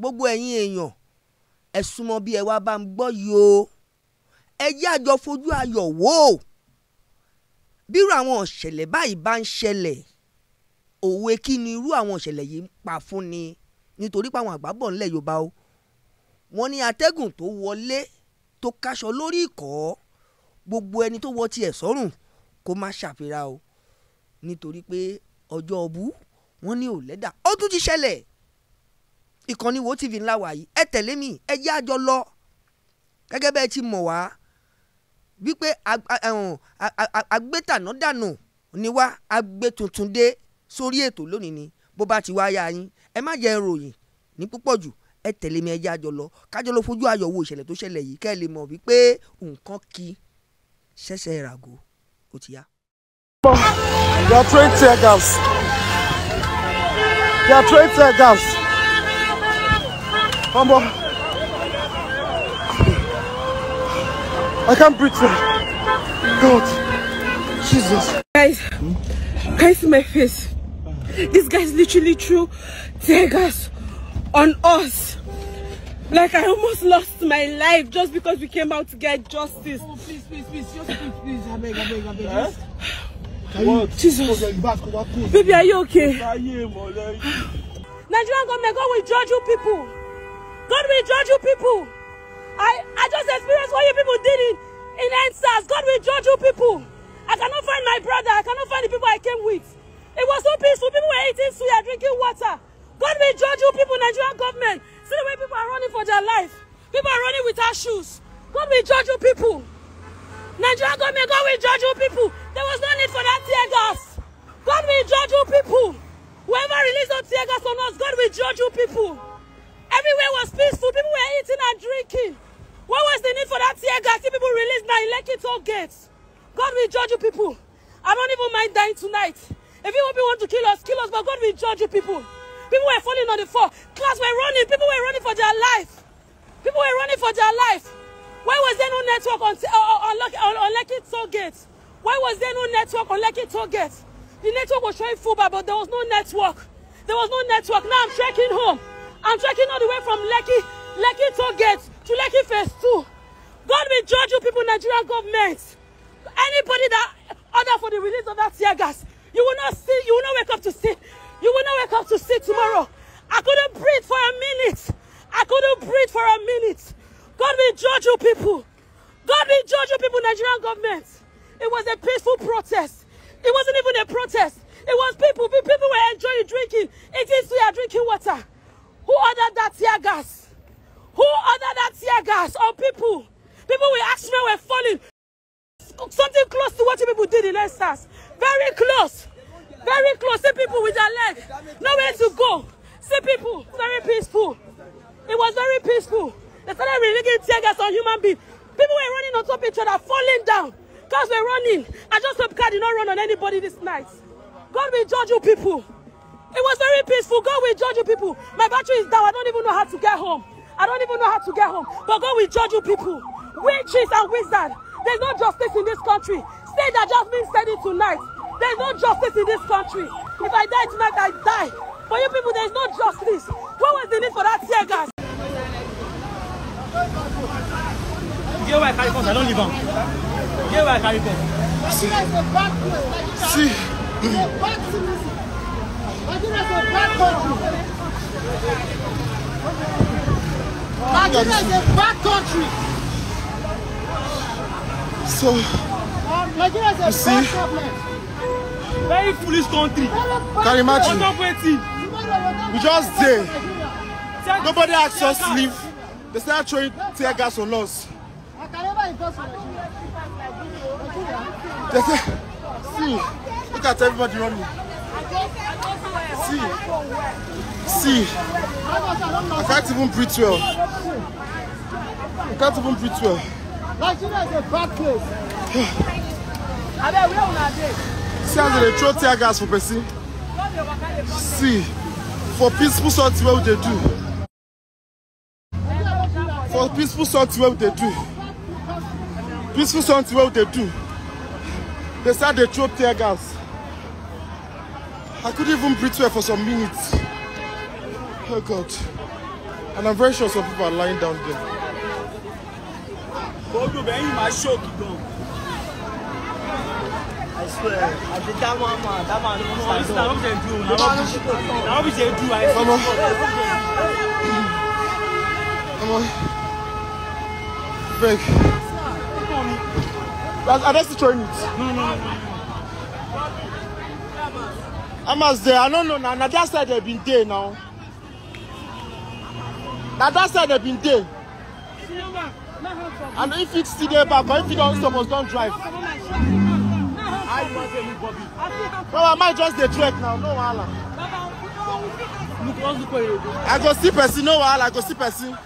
gbogbo ẹ̀yin èèyàn ẹ súnmọ́ bí ẹ wá bá ń gbọ́ yìí o ẹ jẹ́ àjọ fojú ayọ̀ wò ó bírú àwọn ìṣẹ̀lẹ̀ báyìí bá ń ṣẹlẹ̀ òwe kí ni irú àwọn ìṣẹ̀lẹ̀ yìí ń pa fún ni nítorí pé àgbà bọ̀ ńlẹ̀ Yorùbá o wọ́n ní atẹ́gùn tó wọlé tó kaṣọ lórí ìkọ́ gbogbo ẹni tó wọ tiẹ̀ sọ́rùn kó má ṣàfira o nítorí pé ọjọ́ ọbú wọ́n ní ò lẹ́dà ó tún ti ṣẹlẹ̀ ìkànnì wo tv ńlá wà ẹ tẹ̀lé mi ẹ jẹ́ àjọ lọ gẹ́gẹ́ bẹ́ẹ̀ ti mọ̀ wá wípé agbétàná dànù ni wá agbétuntun dé sórí ètò lónìí ni bó bá ti wá yá yín ẹ má jẹ́ ìròyìn ní púpọ̀ jù ẹ tẹ̀lé mi ẹ jẹ́ àjọ lọ kájọ lọ fojú ayọ̀ wo ìṣẹ̀lẹ̀ tó ṣẹlẹ̀ yìí kẹ́ ẹ lè mọ̀ wípé nǹkan kì í ṣẹ̀ṣẹ̀ ó ti yá. They are tear gas. They are tear gas. One I can't breathe. God. Jesus. Guys, hmm? can you see my face? These guys literally threw tear gas on us. Like I almost lost my life just because we came out to get justice. Oh, please, please, please, just please, please, I beg, I beg, I beg. Huh? What? Jesus. Baby, are you okay? Nigerian government, God will judge you people. God will judge you people. I, I just experienced what you people did in, in answers. God will judge you people. I cannot find my brother. I cannot find the people I came with. It was so peaceful. People were eating sweet drinking water. God will judge you people, Nigerian government. See the way people are running for their life. People are running without shoes. God will judge you people. Nigerian government, God will judge you people. There was no need for that tear gas. God will judge you people. Whoever released the tear gas on us, God will judge you people. Everywhere was peaceful. People were eating and drinking. What was the need for that tear gas if people released now? Lekki toll gate. God will judge you people. I don't even mind dying tonight. If you people want to kill us, kill us. But God will judge you people. People were falling on the floor. Class were running. People were running for their life. People were running for their life. Why was there no network on, uh, on, on, on Lekki toll Why was there no network on Lekki toll gate? The network was showing full, but there was no network. There was no network. Now I'm trekking home. I'm trekking all the way from Lekki, Lekki toll gate to Lekki phase two. God will judge you people, Nigerian government. Anybody that order for the release of that tear gas, you will not see, you will not wake up to see, you will not wake up to see tomorrow. I couldn't breathe for a minute. I couldn't breathe for a minute. God will judge you people. God will judge you people, Nigerian government. It was a peaceful protest. It wasn't even a protest. It was people, people were enjoying drinking, It is we are drinking water. Who ordered that tear gas? Who ordered that tear gas on oh, people? People will ask we're falling. Something close to what you people did in Estes. Very close. Very close. See people with their leg. Nowhere to go. See people. Very peaceful. It was very peaceful. They started releasing tear gas on human beings. People were running on top of each other, falling down. Cars were running. I just hope car did not run on anybody this night. God will judge you people. It was very peaceful. God will judge you people. My battery is down. I don't even know how to get home. I don't even know how to get home. But God will judge you people. Witches and wizards. There's no justice in this country. Say that Jasmine said it tonight. There's no justice in this country. If I die tonight, I die. For you people, there's no justice. What was the need for that tear gas? Get where I I don't live on. Get where I See. See. Nigeria is a bad country. Nigeria a bad country. So, um, is a you bad see, government. Very foolish country. Can you imagine? We just did. Nobody asked us to leave. They started throwing tear gas on us. They said, see, look at everybody running. See, see, I can't even breathe well. I can't even breathe well. Nigeria is a bad place. I where una dey? See as they throw tear gas for person. See, for peaceful sort wey they do. For peaceful sort wey they do. Peaceful sort wey they do. They start they throw tear gas. I couldn't even breathe well for some minutes. Oh God. And I'm very sure some people are lying down there. Bodo Beyin ma shock gan. I swear, I think that one man, that man no stand up. Now we dey do, now we dey do. Mama. Mama. Beg. Are they still trying it? No, no, no. Hamas dey, I no know na na that side they've been there now. Na that side they've been there. And if it's still there, but or if you stop us, don't drive. How you wan tell me Bobby? just dey trek now, no wahala. I go see person, no wahala, I go see person.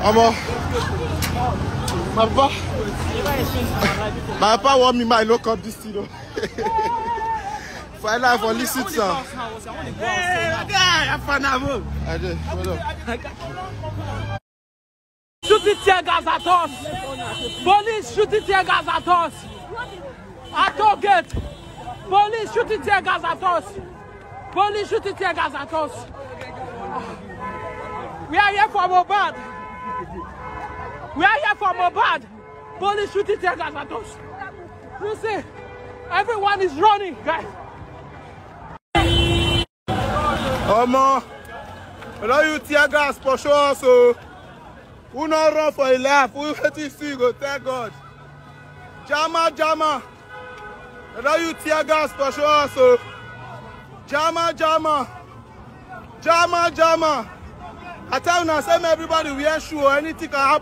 Omo. My papa. My papa want me my look up this thing. You know. Final for listen to some. Hey, guy, I'm fan of you. I did. Hold on. Shooting tear gas at us. Police shooting tear gas at us. At our gate. Police shooting tear gas at us. Police shooting tear gas at us. We are here for Mohbad. We are here for Mobad. Police shooting tears at us. You see, everyone is running, guys. Omo, I know you tear gas for sure, so who not run for a laugh? Who hate to see go thank God. Jama, Jama. I you tear gas for sure, so Jama, Jama. Jama, Jama. I tell now, same everybody wear shoe or anything can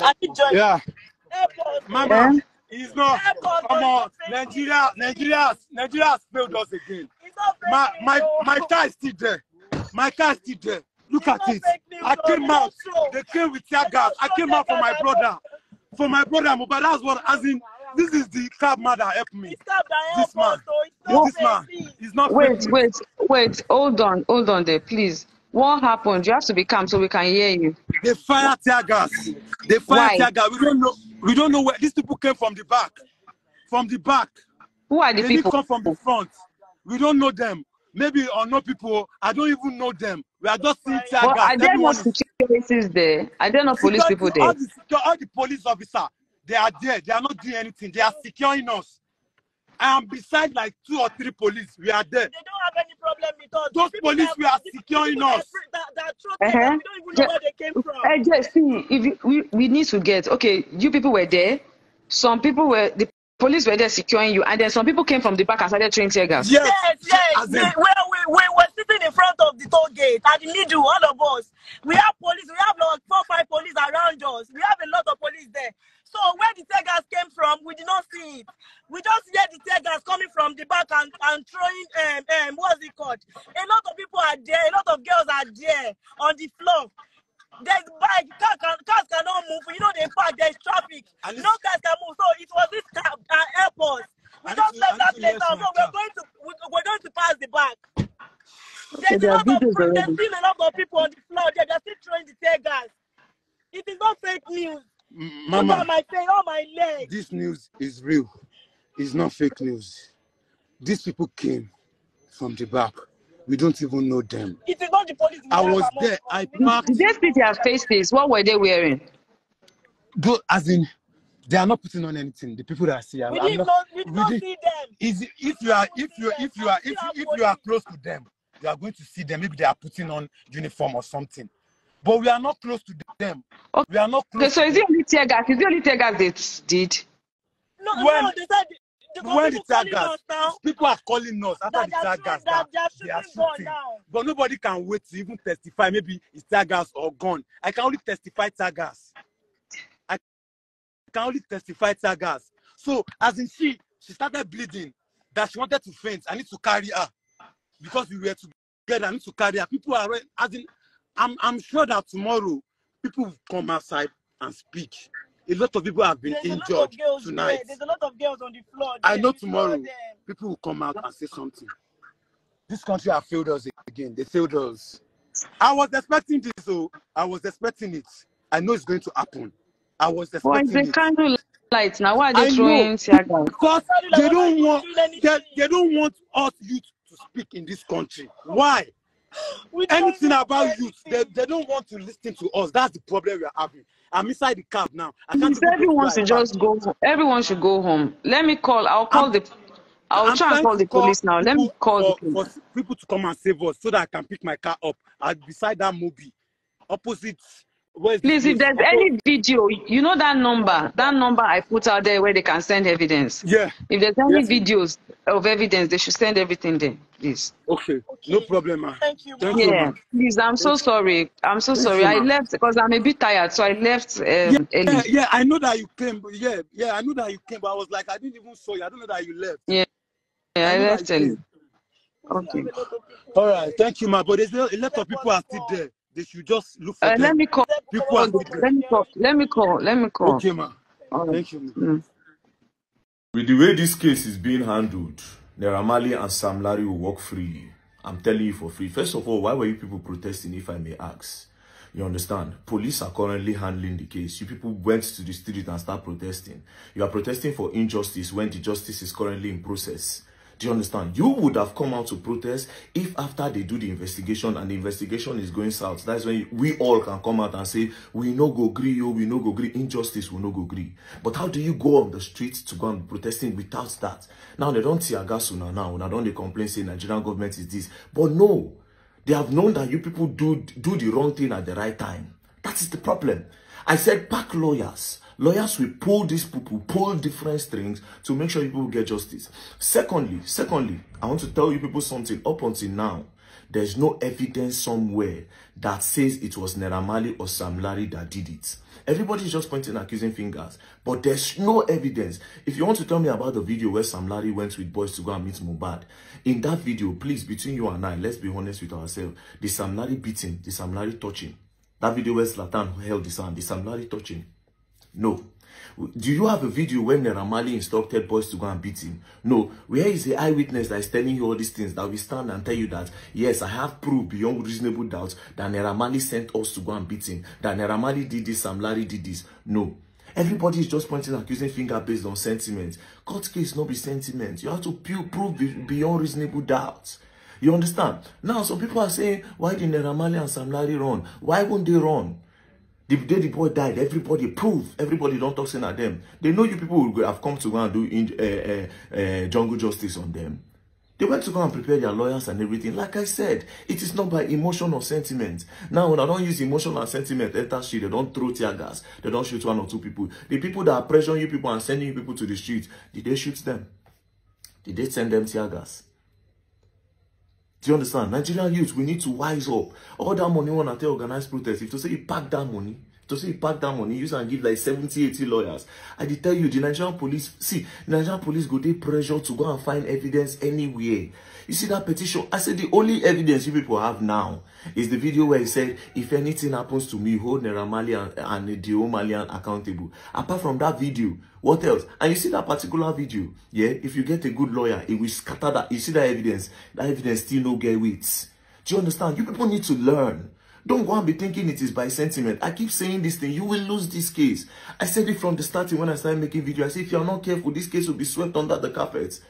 happen. Yeah. Mama, he's not. Come on, Nigeria, Nigeria, Nigeria failed us again. My my my car is still there. My car is still there. Look at it. I came out. They came with their gas. I came out for my brother, for my brother. But that's what as in. This is the cab man that helped me. This man, this man, he's not. Wait, wait, wait. Hold on, hold on there, please. What happened? You have to be calm so we can hear you. They fire tear gas. They fire Why? tear gas. We don't know. We don't know where these people came from. The back, from the back. Who are the they people? They come from the front. We don't know them. Maybe or no people. I don't even know them. We are just seeing tear well, gas. Are there police is there? Are there know police people there? All the, all the police officer, they are there. They are not doing anything. They are securing us am beside like two or three police, we are there. They don't have any problem with us. Those police we are securing us. That's that uh-huh. We don't even know where they came from. I eh, just see if we, we need to get okay, you people were there, some people were the police were there securing you, and then some people came from the back and started throwing tear gas. Yes, yes. yes. We, well, we, we were sitting in front of the toll gate at the middle, all of us. We have police, we have like four, five police around us. We have a lot of police there. So where the tigers came from, we did not see it. We just hear the tigers coming from the back and, and throwing, um, um, what's it called? A lot of people are there, a lot of girls are there on the floor. There's bike, car can, cars cannot move. You know, they park, there's traffic. And no cars can move. So it was this car, uh, airport. We just left that place now. So we're going, to, we're going to pass the back. Okay, there's, been there's still a lot of people on the floor. They're still throwing the tear gas. It is not fake news. Mama, on my face, my leg. This news is real. It's not fake news. These people came from the back. We don't even know them. It is not the police. I was there. I parked. These people have faces. What were they wearing? Though, as in, they are not putting on anything. The people that I see, are, we, did not, not, we did not see them. Is if you are if you if you are if if you are close to them, you are going to see them. Maybe they are putting on uniform or something. but we are not close to them. Okay. We are not close. Okay, so is it only tear gas? Is it only tear gas they did? No, when, no, they said the when the tear gas, people are calling us after the tear gas that they are shooting. But nobody can wait to even testify. Maybe it's tear gas or gun. I can only testify tear gas. I can only testify tear gas. So as in she, she started bleeding. That she wanted to faint. I need to carry her because we were together. I need to carry her. People are as in I'm, I'm sure that tomorrow people will come outside and speak. A lot of people have been there's injured tonight. There. There's a lot of girls on the floor. There. I know tomorrow people will come out and say something. This country has failed us again. They failed us. I was expecting this, so oh. I was expecting it. I know it's going to happen. I was expecting Why is the candle light now? Why are they throwing tear gas? Because they don't want they, they don't want us youth to speak in this country. Why? anything about you. They, they don't want to listen to us. That's the problem we are having. I'm inside the cab now. I can't everyone should just go home. Everyone should go home. Let me call. I'll call I'm, the I'll I'm try and call the call police now. Let me call for, for people to come and save us so that I can pick my car up. I'm beside that movie. Opposite Where's Please, the, if there's any video, you know that number, that number I put out there where they can send evidence. Yeah. If there's any yes. videos of evidence, they should send everything there, please. Okay, okay. no problem, ma. Thank you. Thank yeah, you, please. I'm so sorry. I'm so Thank sorry. You, I left because I'm a bit tired, so I left. Um, yeah, yeah, yeah, I know that you came. But yeah, yeah, I know that you came, but I was like, I didn't even saw you. I don't know that you left. Yeah, yeah, I, I left. Okay. All right. Thank you, ma. But there's a lot of people are still there. They should just look for uh, Let me call. People let, me call. let me call. Let me call. Okay, ma. Right. Thank you. Mm. With the way this case is being handled, the and Sam Larry will walk free. I'm telling you for free. First of all, why were you people protesting, if I may ask? You understand? Police are currently handling the case. You people went to the street and start protesting. You are protesting for injustice when the justice is currently in process. Do you understand? You would have come out to protest if after they do the investigation and the investigation is going south. That's when we all can come out and say, we no go agree, yo, oh, we no go agree, injustice, we no go agree. But how do you go on the streets to go and protesting without that? Now they don't see agasuna now, now they don't they complain saying Nigerian government is this. But no, they have known that you people do, do the wrong thing at the right time. That is the problem. I said, pack lawyers Lawyers will pull these people, pull different strings to make sure people get justice. Secondly, secondly, I want to tell you people something up until now. There's no evidence somewhere that says it was Neramali or Sam Larry that did it. Everybody's just pointing accusing fingers, but there's no evidence. If you want to tell me about the video where Sam Larry went with boys to go and meet Mubad, in that video, please, between you and I, let's be honest with ourselves. The Sam Larry beating, the Sam Larry touching. That video where Slatan held his hand, the Sam Larry touching. No. Do you have a video when the Ramali instructed boys to go and beat him? No. Where is the eyewitness that is telling you all these things that we stand and tell you that, yes, I have proof beyond reasonable doubt that Neramali sent us to go and beat him, that Neramali did this, Sam Larry did this. No. Everybody is just pointing accusing finger based on sentiment. Court case not be sentiment. You have to prove beyond reasonable doubt. You understand? Now, some people are saying, why did Neramali and Sam Larry run? Why won't they run? The day the boy died, everybody prove. Everybody don't talk sin at them. They know you people will have come to go and do in, uh, uh, uh, jungle justice on them. They went to go and prepare their lawyers and everything. Like I said, it is not by emotion or sentiment. Now, when I don't use emotion and sentiment, enter shit, they don't throw tear gas. They don't shoot one or two people. The people that are pressuring you people and sending you people to the street, did they shoot them? Did they send them tear gas? Do you understand? Nigerian youth, we need to wise up. All that money wanna take organized protest. If to say you pack that money, see, pack that money use and give like 70 80 lawyers i dey tell you the nigerian police see nigerian police go take pressure to go and find evidence anywhere you see that petition i said the only evidence you people have now is the video where he said if anything happens to me hold naira mali and di omalian accountable apart from that video what else and you see that particular video yeah if you get a good lawyer it will scatter that. you see that evidence That evidence still no get weight do you understand you people need to learn don't go and be thinking it is by sentiment. I keep saying this thing. You will lose this case. I said it from the starting when I started making videos. I said, if you are not careful, this case will be swept under the carpet.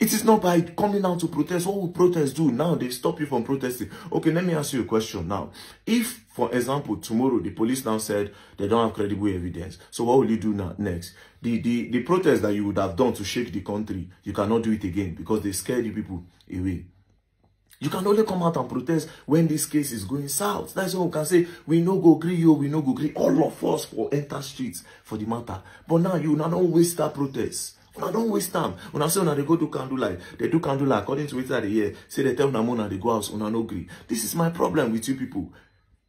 It is not by coming out to protest. What will protest do? Now they stop you from protesting. Okay, let me ask you a question now. If, for example, tomorrow the police now said they don't have credible evidence, so what will you do now next? The, the, the protest that you would have done to shake the country, you cannot do it again because they scared the people away. You can only come out and protest when this case is going south. That's why we can say, we no go agree you, we no go agree. All of us for enter streets for the matter. But now you now don't waste that protest. Una don't waste time. Una say when they go do candlelight. They do candlelight according to what they hear. Say they tell una more una dey go house, una no agree. This is my problem with you people.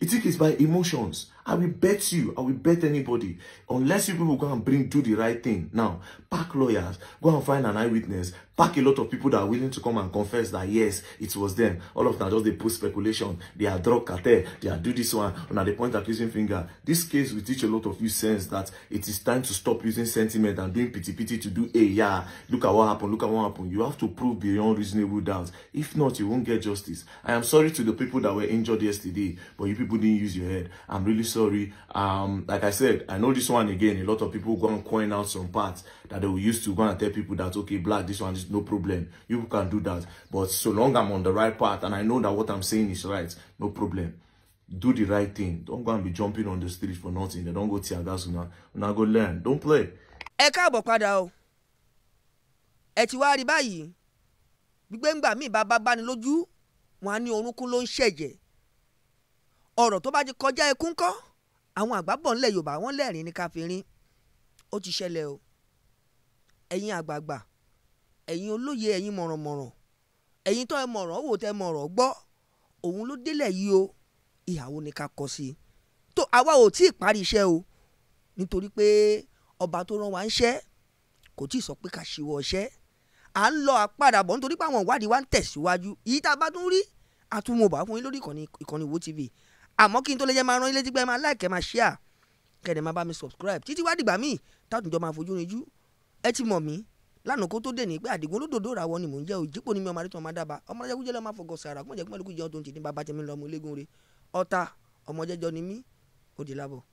You think it's by emotions. I will bet you, I will bet anybody, unless you people go and bring, do the right thing. Now, pack lawyers, go and find an eyewitness, pack a lot of people that are willing to come and confess that yes, it was them. All of that just they put speculation. They are drug cartel, they are do this one, and at the point accusing finger. This case will teach a lot of you sense that it is time to stop using sentiment and doing pity pity to do a hey, yeah, look at what happened, look at what happened. You have to prove beyond reasonable doubt. If not, you won't get justice. I am sorry to the people that were injured yesterday, but you people didn't use your head. I'm really sorry. Um, like I said, I know this one again. A lot of people go and coin out some parts that they will use to go and tell people that okay, black, this one is no problem. You can do that. But so long I'm on the right path and I know that what I'm saying is right, no problem. Do the right thing. Don't go and be jumping on the street for nothing. They don't go tear gas now. Now go learn. Don't play. Ẹ káàbọ̀ padà o. Ẹ ti wá rí báyìí. Gbígbé ńgbà míì bá ọ̀rọ̀ tó bá ti kọjá ẹkún kọ́ àwọn àgbà ńlẹ̀ yorùbá wọ́n lẹ́rìn ní káfíńrín ó ti ṣẹlẹ̀ o ẹ̀yin àgbààgbà ẹ̀yin olóye ẹ̀yin mọ̀rànmọ̀ràn ẹ̀yin tó ẹ mọ̀ràn wò tẹ mọ̀ràn gbọ́ òun ló délẹ̀ yìí o ìhàwó ni ká kọ sí i tó àwa ò tí ì parí iṣẹ́ o nítorí pé ọba tó rán wa ń ṣẹ́ kò tí ì sọ pé ká ṣíwọ́ ṣẹ́ à ń lọ àpadàbọ̀ nítorí pé àwọn ìwádìí wa ń tẹ̀síwájú èyí tá a bá tún rí àtúmọ̀bà fún yín lórí ìkànnì ìkànnì tv àmọ́ kí n tó lè jẹ́ máa rán ilé tí gbẹ́ máa like máa share kẹ̀dẹ̀ máa bá mi subscribe títí wá dìgbà míì táwùjọ máa fojú rinjú ẹ ti mọ̀ mí lánàá kó tó dé ní pé àdìgún olódòdó ra wọn ni mò ń jẹ́ òjípò ní mi ọmọ àrètí ọmọ adába ọmọ ajá kújẹ́ lọ́ọ́ máa fọkọ̀ sàrà kó mọ̀ jẹ́ kó mọ̀ lókùjẹ́ ọdún tì ní bàbá tèmi lọ́mọ ológun re ọ̀tá ọmọ jẹ́jọ́ ni mí ó di lábọ̀.